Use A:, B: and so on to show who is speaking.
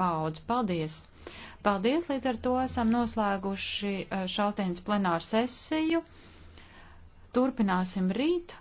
A: paudz. Paldies! Paldies, līdz ar to esam noslēguši eh, šausdienas plenāru sesiju. Turpināsim rīt.